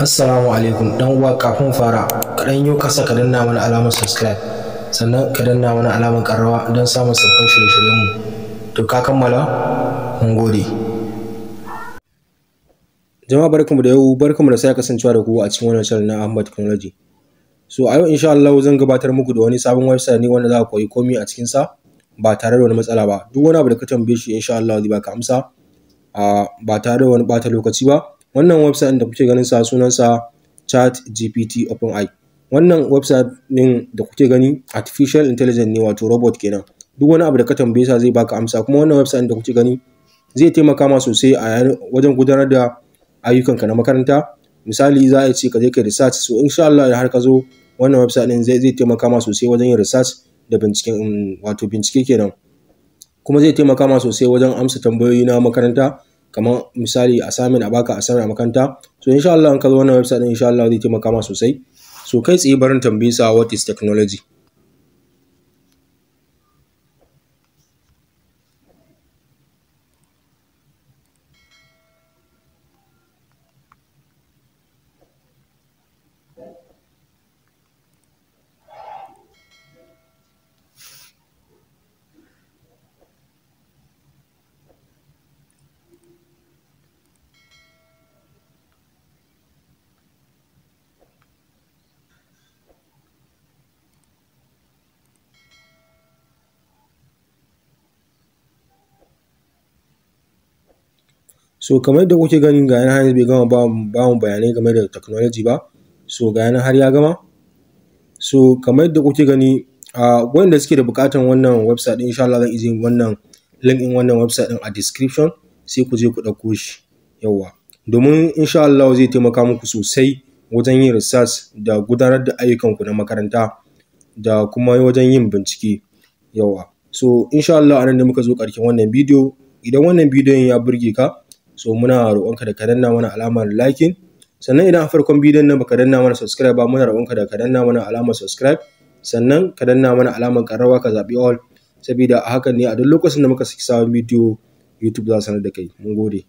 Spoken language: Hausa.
Assalamu alaikum dan uwa kafin fara kaɗan dan yo kasa ka danna mana alamar subscribe sannan ka danna mana alamar karrawa don samun sabbin shirye-shiryen mu to ka kammala mun gode jama'a barkamu da yau barkamu da sake kasancewa da ku a cikin wannan shirin na Ahmad Technology so a yau insha Allah zan gabatar muku da wani sabon website ne wanda za ku koyi komai a cikin sa ba tare da wani matsala ba duk wani abu da ka tambaye shi insha Allah zai baka amsa ah, ba tare da wani bata lokaci ba Wannan website da kuke ganin sa sa Chat GPT open eye Wannan website ɗin da kuke gani Artificial Intelligence ne wato robot kenan. Duk wani abu da ka tambaye sa zai baka amsa kuma wannan website da kuke gani zai taimaka ma sosai a wajen gudanar da ayyukan ka na makaranta. Misali za a ce ka je ka research so insha Allah har ka zo wannan website ɗin zai taimaka ma sosai wajen yin research da binciken wato bincike kenan. Kuma zai taimaka ma sosai wajen amsa tambayoyi na makaranta kamar misali assignment a baka assignment a makaranta so insha Allah an kazo wannan website din insha Allah zai taimaka ma sosai so kai tsaye barin tambayi sa what is technology so kamar yadda kuke ganin ga yanar har bai gama ba mu bayanai game da technology ba so ga yanar har ya gama so kamar yadda kuke gani a uh, wanda suke da bukatan wannan website din insha Allah zan izin wannan link din wannan website din a description sai ku je ku ɗauko shi yawa domin insha Allah zai taimaka muku sosai wajen yin research da gudanar da ayyukan ku na makaranta da kuma wajen yin bincike yawa so insha Allah anan da muka zo ƙarshen wannan bidiyo idan wannan bidiyon ya burge ka so muna roƙonka da ka danna mana alamar likin sannan idan a farkon bidiyon nan baka danna mana subscribe ba muna roƙonka da ka danna mana alamar subscribe sannan ka danna mana alamar ƙararrawa ka zaɓi all saboda a hakan ne a duk lokacin da muka saki sabon bidiyo YouTube za su sanar da kai mun gode